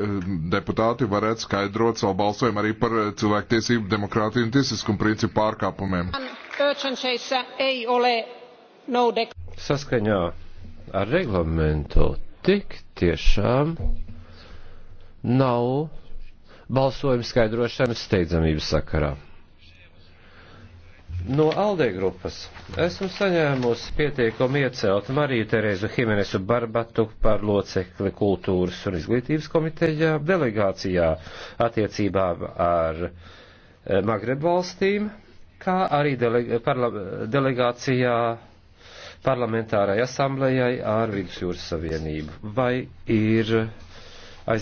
Ehm, deputāti varētu skaidrot savu balsojumu arī par eh, cilvēktiesību, demokrātiju un tiesiskumu principu pārkāpumiem. Eh, Saskaņā ar reglamentu tik tiešām nav balsojuma skaidrošanas steidzamības sakarā. No Aldē grupas esmu saņēmusi pieteikumu iecelt Mariju Terēzu Himenesu Barbatu par locekli kultūras un izglītības komitejā delegācijā attiecībā ar eh, Magreb valstīm, kā arī dele, parla, delegācijā parlamentārai asamblējai ar Vidusjūras Savienību. Vai ir aizrādījums?